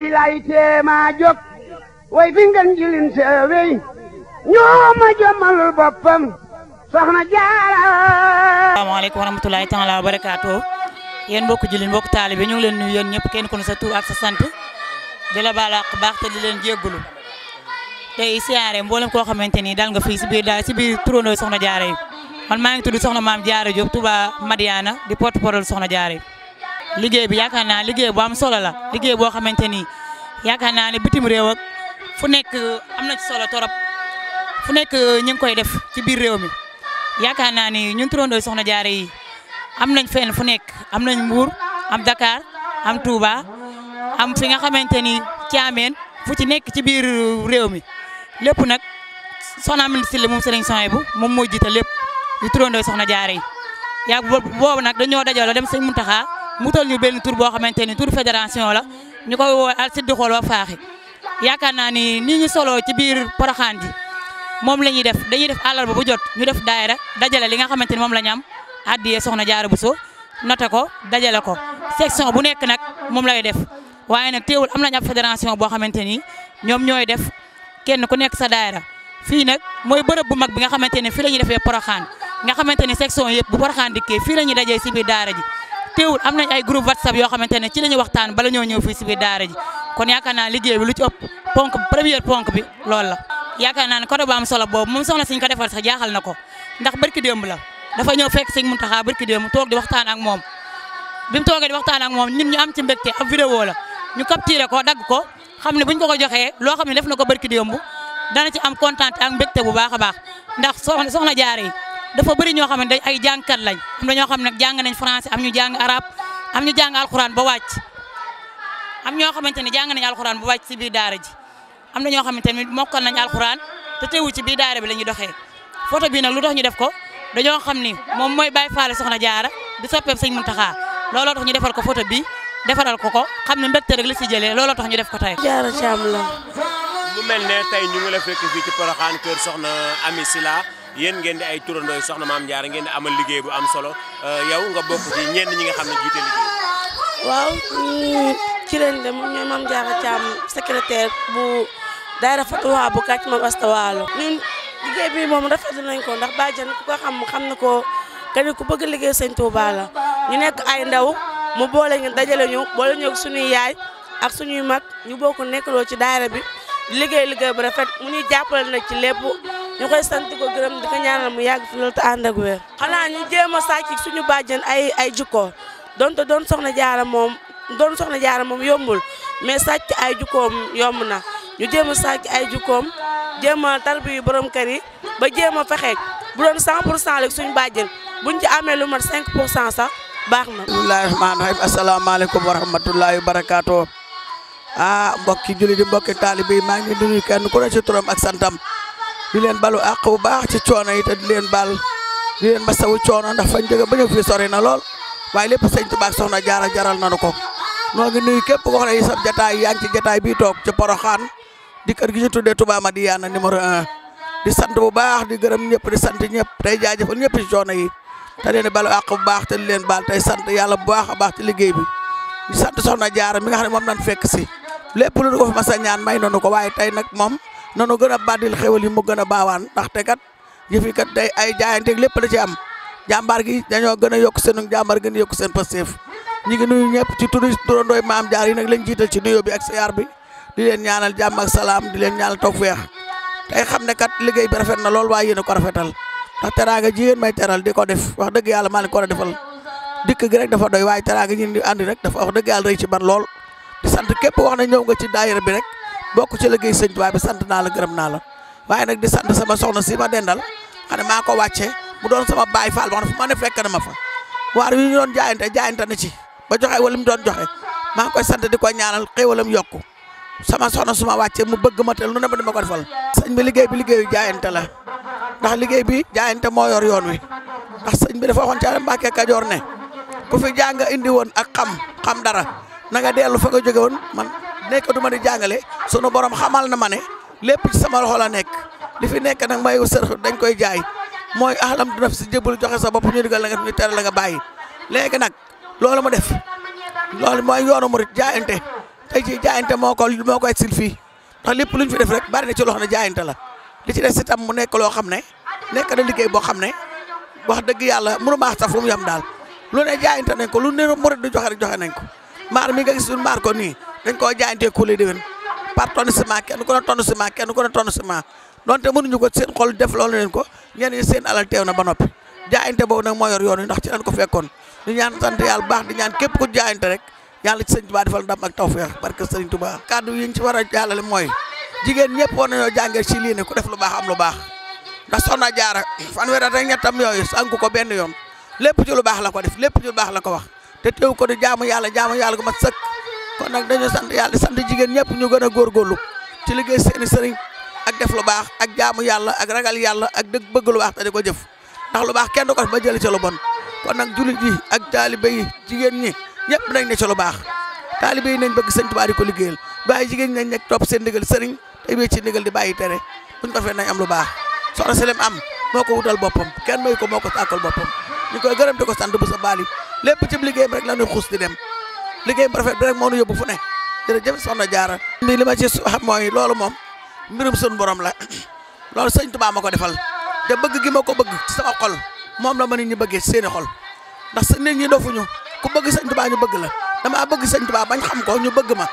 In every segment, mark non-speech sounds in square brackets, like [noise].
lay teema jóg way fi ngeen jilin seewey ñoo ma jëmmalul boppam soxna mbokk julin mbokk taalibe ñu leen nuyu yéen ñëpp kenn ku sa tur ak sa sant di la baal baax te di leen jéggulu tey siyaare mboolem koo xamante ni dal nga fii si biir daal si biir turandoo soxna jaara yi man maa ngi tudd soxna maam jaara Diop tubaa Madiana di porte-parole soxna jaara yi liggéey bi yaakaar naa liggéey bu am solo la liggéey boo xamante ni yaakaar naa ne bitim réew fu nekk am na ci solo torop fu nekk ñu ngi koy def ci biir réew mi yaakaar naa ni ñun turandoo soxna jaare yi am nañ fenn fu nekk am nañ Mbuur am Dakar am Touba am fi nga xamante ni caameen fu ci nekk ci biir réew mi lépp nag soxna Amady Sylla moom Serigne Souhaïbou moom moo jiite lépp ñu turandoo soxna jaare yi yaa boobu nag dañoo dajaloo dem Serigne Mountakha mutal ñu benn tur boo xamante ni tur fédération la ñu koy woo al siddi xool wa faaxi yaakaar naa ni ñu solo ci biir poroxaan ji moom la ñuy def dañuy def àllarba bu jot ñu def daayira dajale li nga xamante ni moom la ñu am addiyee soxna jaara Buso noté ko dajale ko section bu nekk nag moom lay def waaye nag teewul am nañ ab fédération boo xamante ni ñoom ñooy def kenn ku nekk sa daayira fii nag mooy bërëb bu mag bi nga xamante ne fii la ñuy defee poroxaan nga xamante ne section yëpp bu poroxaan fii la ñuy dajee si biir daara ji teewul am nañ ay groupe whatsapp yoo xamante ne ci la ñu waxtaan bala ñoo ñëw fii si biir daara ji kon yaakaar naa liggéey bi lu ci ëpp ponk première ponk bi loolu la yaakaar naa ne côté bu am solo boobu moom soxna siñ ko defal sax jaaxal na ko ndax barki démb la dafa ñëw fekk sëñ Muntaxa barki mu toog di waxtaan ak moom bi mu toogee di waxtaan ak moom ñun ñu am ci mbégte ab vidéo la ñu capturé ko dagg ko xam ne buñ ko ko joxee loo xam ne def na ko barki démb dana ci am kontaan ak mbégte baax a baax ndax soxna soxna jaare yi dafa bëri ñoo xam ni ay jàngkat lañ am ñoo xam ne jàng nañ français am ñu jàng arab am ñu jàng alxuraan ba wàcc am ñoo xamante ni jàng nañ alxuraan ba wàcc si biir daara ji am na ñoo xamante ne mokkal nañ alxuraan te teewu ci biir daara bi la ñuy doxee photo bi nag lu tax ñu def ko dañoo xam ni moom mooy Baye Fall soxna jaara di soppeeb sëñ Muntaxa looloo tax ñu defal ko photo bi defaral ko ko xam ne mbégte la si jëlee looloo tax ñu def ko tey. jaara Caam la. mu mel ne tey ñu ngi la fekk fii ci Porokhane kër soxna Ami Sila yéen ngeen di ay turandooy soxna maam Diarra ngeen di amal liggéey bu am solo euh, yow nga bokk ci ñenn ñi nga xam ne jiite liggéey. waaw ci ren de moom ñooy maam Diarra Thiam secrétaire bu daayira Fatuha bu kàcc maam Asta Waalo ñun liggéey bi moom rafetlu nañ ko ndax bàjjan ku ko xam xam na ko kenn ku bëgg liggéey sëñ Touba la ñu nekk ay ndaw mu boole ñu dajale ñu boole ñu ak suñuy yaay ak suñuy mag ñu bokk nekkaloo ci daayira bi liggéey liggéey bu ñu koy sant ko gërëm di ko ñaanal mu yàgg fi loolu te ànd ak xanaa ñu jéem a sàcc suñu bàjjen ay ay jikko donte doon soxna jaara moom doon soxna jaara moom yombul mais sàcc ay jikkoom yomb na ñu jéem a sàcc ay jikkoom jéem a tarbi yu borom kër yi ba jéem a fexe bu doon 100 pour cent rek suñu bàjjen buñ ci amee lu mat 5 pour cent sax baax na. bismillahi rahmaani rahim asalaamaaleykum wa rahmatullahi wa barakaato ah mbokki julli di mbokki taalibe yi maa ngi nuyu kenn ku ne ak santam. di leen balu àq bu baax ci coono yi te di leen bal di leen masawu coono ndax fañ jóge ba ñëw fii sori na lool waaye lépp sëñ baax soxna jaara jaral nanu ko noo ngi nuyu képp koo xam ne sab jataay yaa ci jataay bi toog ci Poroxaan di kër gi ñu tuddee Touba Madiyana numéro un di sant bu baax di gërëm ñëpp di sant ñëpp tey jaajëfal ñëpp ci coono yi te leen balu àq bu baax te di leen baal tey sant yàlla bu baax a baax ci liggéey bi di sant soxna jaara mi nga xam ne moom nañ fekk si lépp lu ko a ñaan may nanu ko waaye tey nag moom nanu gën a baddil xéwal yi mu gën a baawaan ndaxte kat yëfi kat day ay jaayanteeg lépp la ci am jàmbaar gi dañoo gën a yokk seen jàmbaar gën a yokk seen pasteef ñi ngi nuyu ñëpp ci turu turandooy maam jaar yi nag lañ jiital ci nuyoo bi ak siyaar bi di leen ñaanal jàmm ak salaam di leen ñaanal tawfeex tey xam ne kat liggéey bi rafet na lool waaye yéen ko rafetal ndax teraanga jigéen may teral di ko def wax dëgg yàlla maa leen ko a defal dikk gi rek dafa doy waaye teraanga ñi andi rek dafa dëgg yàlla rëy ci ban lool sant képp wax ne ñëw nga ci daayira bi rek bokk ci liggéey sëñ Tuubaa bi sant naa la gërëm naa la waaye nag di sant sama soxna si a dendal xam ne maa ko wàccee mu doon sama baay faal ma na fu ma ne fekk na ma fa waar yu ñu doon jaayante jaayante na ci ba joxe wala mu doon joxe maa ngi sant di ko ñaanal xéewalam yokku sama soxna suma wàccee mu bëgg ma tel lu ne ma di ma ko defal sëñ bi liggéey bi liggéey jaayante la ndax liggéey bi jaayante moo yor yoon wi ndax sëñ bi dafa waxoon ca Mbàkke Kajoor ne ku fi nga indi woon ak xam xam dara na nga dellu fa nga jóge woon man nekk du ma di jàngale sunu borom xamal na ma ne lépp ci sama loxo la nekk li fi nekk nag u sër dañ koy jaay mooy ahlam du naf si jébal joxe sa bopp ñu digal la nga ñu tere la nga bàyyi léegi nag loolu mu def loolu mooy yoonu murit jaayante tey ci jaayante moo ko moo koy sil fii ndax lépp lu ñu fi def rek bari na ci loxo ne jaayante la li ci si tam mu nekk loo xam ne nekk na liggéey boo xam ne wax dëgg yàlla mënu maax sax fu mu yem daal lu ne jaayante nañ ko lu ne murit du joxe rek joxe nañ ko maar mi nga gis ñun nii dañ koo jaayantee kuule déwén par tonne ciment kenn ku ne tonne ciment kenn ku ne tonne ciment donte mënuñu ko seen xol def loolu leen ko ñenn ñi seen alal teew na ba noppi jaayante boobu nag moo yor yoon wi ndax ci lañ ko fekkoon di ñaan sant yàlla baax di ñaan képp ku jaayante rek yàlla ci sëñ Tuubaa defal ndam mooy jigéen ñëpp war nañoo jàngee ci lii ne ku def lu baax am lu baax ndax soxna jaara fanweer ak ñettam yooyu sànku ko benn yoon lépp ci lu baax la ko def lépp ci lu baax la ko wax te teew ko di jaamu yàlla jaamu yàlla gu mat sëkk kon nag dañu sant yàlla di sant jigéen ñëpp ñu gën a góorgóorlu ci liggéey seeni sëriñ ak def lu baax ak jaamu yàlla ak ragal yàlla ak dëgg bëgg lu baax te di ko jëf ndax lu baax kenn du ko ba jëli ci lu bon kon nag jullit ji ak taalibe yi jigéen ñi ñëpp nañ ne ci lu baax taalibe yi nañ bëgg sëñ Tuubaa di ko liggéeyal bàyyi jigéen ñi nañ nekk topp seen ndigal sëriñ te wéy ci ndigal di bàyyi tere buñ ko fee nañ am lu baax soxna Selem am moo ko wutal boppam kenn ko moo ko tàkkal ñu koy gërëm di ko sant bu sa baali lépp ci liggéeyam rek la di dem liggéey bu rafet bi rek moo ñu yóbbu fu ne jërëjëf soxna jaara bi li ma ci xam mooy loolu moom mbirum sun borom la [clears throat] loolu sëñ Tuubaa ma ko defal te bëgg gi ma ko bëgg sama xol moom la ma nit ñi bëggee seen xol ndax nit ñi dofuñu ku bëgg sëñ Tuubaa ñu bëgg la damaa bëgg sëñ Tuubaa bañ xam ko ñu bëgg ma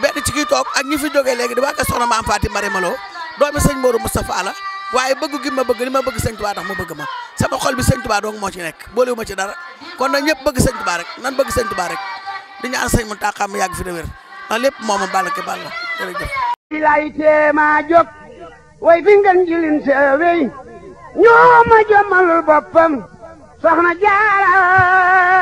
benn ci kii toog ak ñi fi jógee léegi di waa ka soxna maam Faati Marimaloo doomi sëñ Moodu Moustapha la waaye bëgg gi ma bëgg li ma bëgg sëñ Tuubaa tax ma bëgg ma sama xol bi sëñ Tuubaa doong moo ci nekk boolewuma ci dara kon nag ñëpp bëgg sëñ Tuubaa rek nan bëgg sëñ Tuubaa di ñaan sëñ mu tàqaa mu yàgg fi de wér ndax lépp mooma ballke ball jërëjëf lay teema jóg way fi ngeen jilin sa wey ñoo ma jëmalul boppam soxna jaara